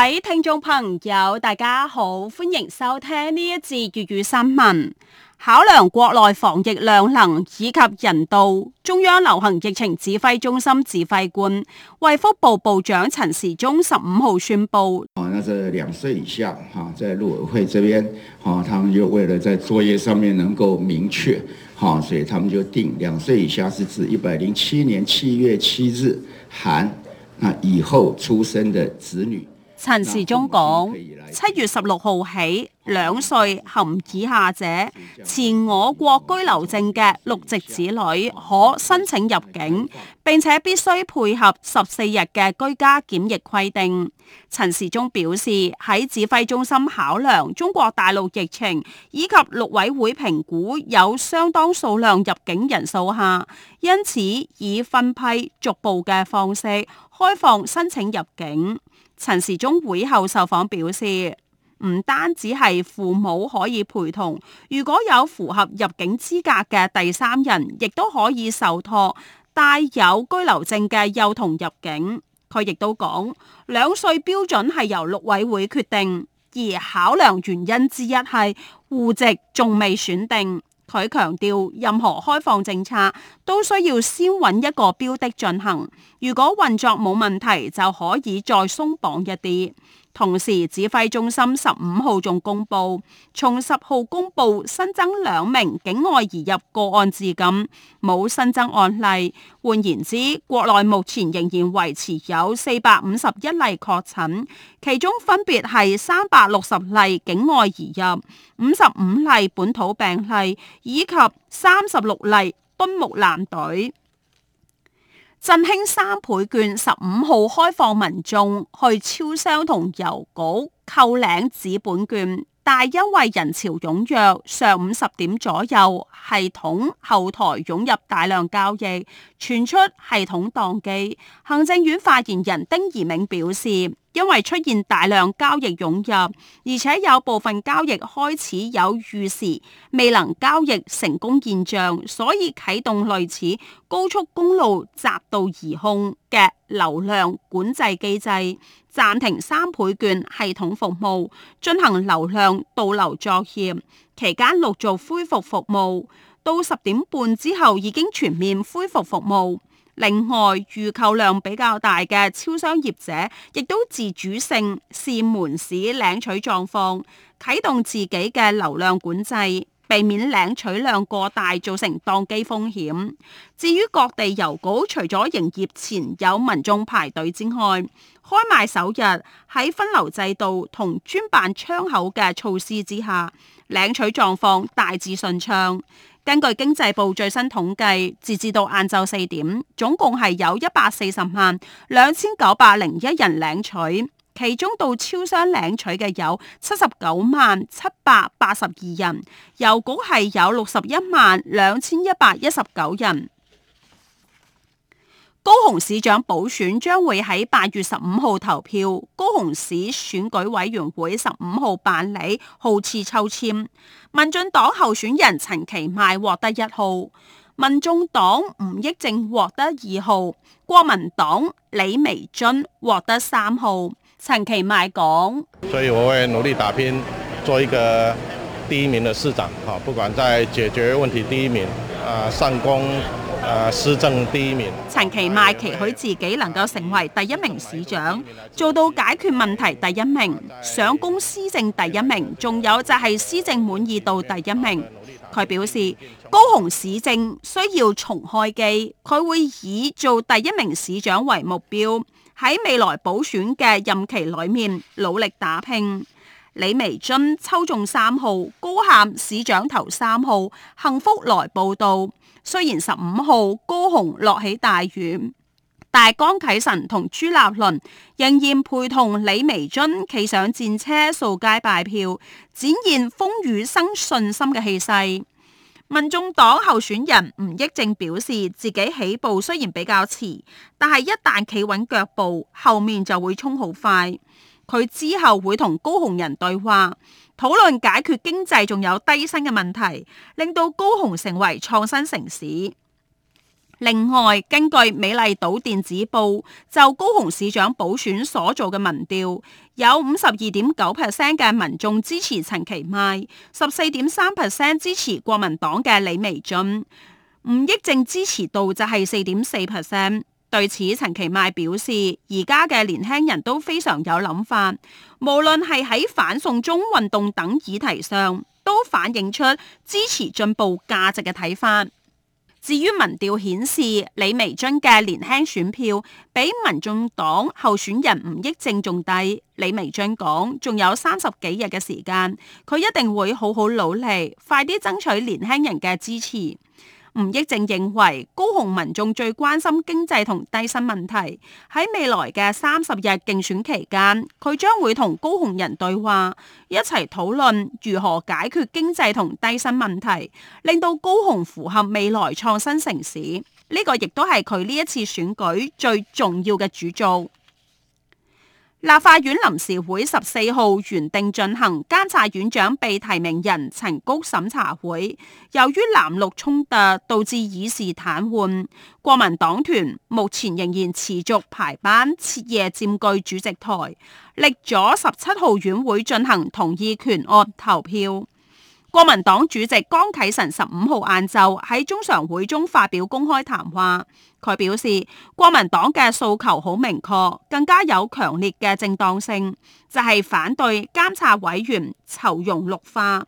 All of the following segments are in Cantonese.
各位聽眾朋友，大家好，歡迎收聽呢一節粵語新聞。考量國內防疫量能以及人道，中央流行疫情指揮中心指揮官、衛福部部長陳時中十五號宣布：哦，那是兩歲以下，哈，在陸委會這邊，哈，他們就為了在作業上面能夠明確，所以他們就定兩歲以下是指一百零七年七月七日含以後出生的子女。陳時中講：七月十六號起，兩歲含以下者持我國居留證嘅陸籍子女可申請入境，並且必須配合十四日嘅居家檢疫規定。陳時中表示，喺指揮中心考量中國大陸疫情以及陸委會評估有相當數量入境人數下，因此以分批逐步嘅方式開放申請入境。陳時中會後受訪表示，唔單止係父母可以陪同，如果有符合入境資格嘅第三人，亦都可以受託帶有居留證嘅幼童入境。佢亦都講，兩歲標準係由陸委會決定，而考量原因之一係戶籍仲未選定。佢強調，任何開放政策都需要先揾一個標的進行，如果運作冇問題，就可以再鬆綁一啲。同時，指揮中心十五號仲公佈，從十號公佈新增兩名境外移入個案至今，冇新增案例。換言之，國內目前仍然維持有四百五十一例確診，其中分別係三百六十例境外移入、五十五例本土病例以及三十六例敦睦艦隊。振興三倍券十五號開放民眾去超商同郵局扣領紙本券，但係因為人潮踴躍，上午十點左右系統後台湧入大量交易，傳出系統宕機。行政院發言人丁怡銘表示。因為出現大量交易湧入，而且有部分交易開始有預示未能交易成功現象，所以啟動類似高速公路匝道移控嘅流量管制機制，暫停三倍券系統服務，進行流量導流作業，期間陸續恢復服務，到十點半之後已經全面恢復服務。另外，預購量比較大嘅超商業者亦都自主性視門市領取狀況，啟動自己嘅流量管制，避免領取量過大造成當機風險。至於各地郵局，除咗營業前有民眾排隊之外，開賣首日喺分流制度同專辦窗口嘅措施之下，領取狀況大致順暢。根據經濟部最新統計，截至到晏晝四點，總共係有一百四十萬兩千九百零一人領取，其中到超商領取嘅有七十九萬七百八十二人，郵局係有六十一萬兩千一百一十九人。高雄市長補選將會喺八月十五號投票，高雄市選舉委員會十五號辦理號次抽簽，民進黨候選人陳其邁獲得一號，民眾黨吳益政獲得二號，國民黨李眉蓁獲得三號。陳其邁講：所以我會努力打拼，做一個第一名的市長不管在解決問題，第一名啊，上、呃、工。啊，施政第一名。陳其邁期許自己能夠成為第一名市長，做到解決問題第一名、上工施政第一名，仲有就係施政滿意度第一名。佢表示高雄市政需要重開機，佢會以做第一名市長為目標，喺未來補選嘅任期裡面努力打拼。李眉蓁抽中3號，高喊市長投3號，幸福來報到。雖然十五號高雄落起大雨，但江啟臣同朱立倫仍然陪同李眉蓁企上戰車掃街拜票，展現風雨生信心嘅氣勢。民眾黨候選人吳益政表示，自己起步雖然比較遲，但係一旦企穩腳步，後面就會衝好快。佢之後會同高雄人對話。討論解決經濟仲有低薪嘅問題，令到高雄成為創新城市。另外，根據美麗島電子報就高雄市長補選所做嘅民調，有五十二點九 percent 嘅民眾支持陳其邁，十四點三 percent 支持國民黨嘅李眉蓁，吳益政支持度就係四點四 percent。對此，陳其邁表示，而家嘅年輕人都非常有諗法，無論係喺反送中運動等議題上，都反映出支持進步價值嘅睇法。至於民調顯示李眉蓁嘅年輕選票比民眾黨候選人吳益政仲低，李眉蓁講仲有三十幾日嘅時間，佢一定會好好努力，快啲爭取年輕人嘅支持。吳益政認為高雄民眾最關心經濟同低薪問題，喺未來嘅三十日競選期間，佢將會同高雄人對話，一齊討論如何解決經濟同低薪問題，令到高雄符合未來創新城市。呢、這個亦都係佢呢一次選舉最重要嘅主造。立法院臨時會十四號原定進行監察院長被提名人陳菊審查會，由於藍綠衝突導致議事癱瘓，國民黨團目前仍然持續排班徹夜佔據主席台，力咗十七號院會進行同意權案投票。國民黨主席江啟臣十五號晏晝喺中常會中發表公開談話，佢表示國民黨嘅訴求好明確，更加有強烈嘅正當性，就係、是、反對監察委員酬庸綠化，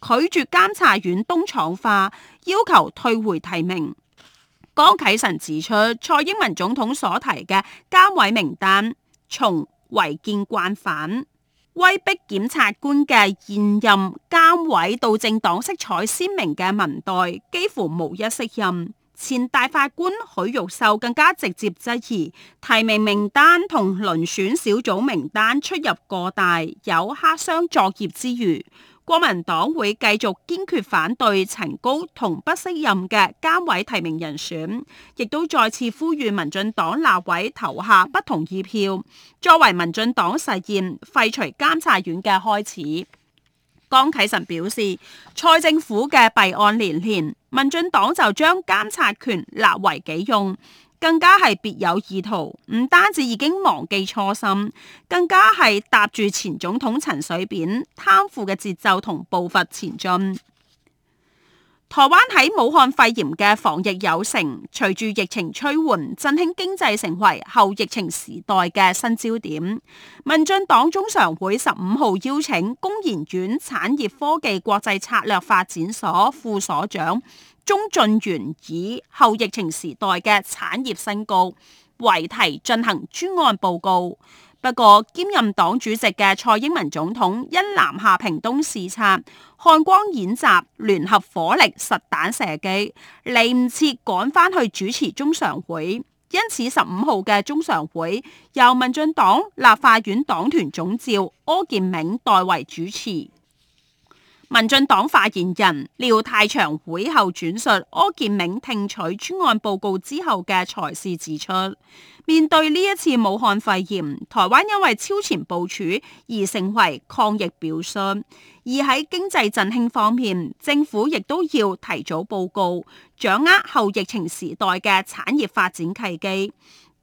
拒絕監察院東廠化，要求退回提名。江啟臣指出，蔡英文總統所提嘅監委名單從違建慣犯。威逼檢察官嘅現任監委，到政黨色彩鮮明嘅民代，幾乎無一適任。前大法官許玉秀更加直接質疑提名名單同輪選小組名單出入過大，有黑箱作業之馀。國民黨會繼續堅決反對陳高同不適任嘅監委提名人選，亦都再次呼籲民進黨立委投下不同意票，作為民進黨實現廢除監察院嘅開始。江啟臣表示，蔡政府嘅弊案連連，民進黨就將監察權立為己用。更加係別有意圖，唔單止已經忘記初心，更加係踏住前總統陳水扁貪腐嘅節奏同步伐前進。台灣喺武漢肺炎嘅防疫有成，隨住疫情趨緩，振興經濟成為後疫情時代嘅新焦點。民進黨中常會十五號邀請工研院產業科技國際策略發展所副所長，中進元以後疫情時代嘅產業新高，為題進行專案報告。不過兼任黨主席嘅蔡英文總統因南下屏東視察，漢光演習聯合火力實彈射擊，嚟唔切趕返去主持中常會，因此十五號嘅中常會由民進黨立法院黨團總召柯建銘代為主持。民進黨發言人廖太祥會後轉述柯建銘聽取專案報告之後嘅裁示指出，面對呢一次武漢肺炎，台灣因為超前部署而成為抗疫表率，而喺經濟振興方面，政府亦都要提早報告，掌握後疫情時代嘅產業發展契機，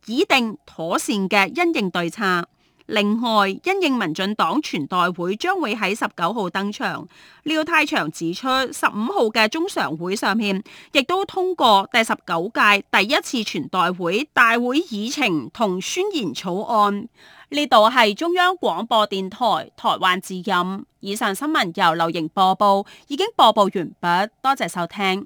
擬定妥善嘅因應對策。另外，因應民進黨全代會將會喺十九號登場，廖泰祥指出，十五號嘅中常會上面亦都通過第十九屆第一次全代會大會議程同宣言草案。呢度係中央廣播電台台灣之音。以上新聞由劉瑩播報，已經播報完畢，多謝收聽。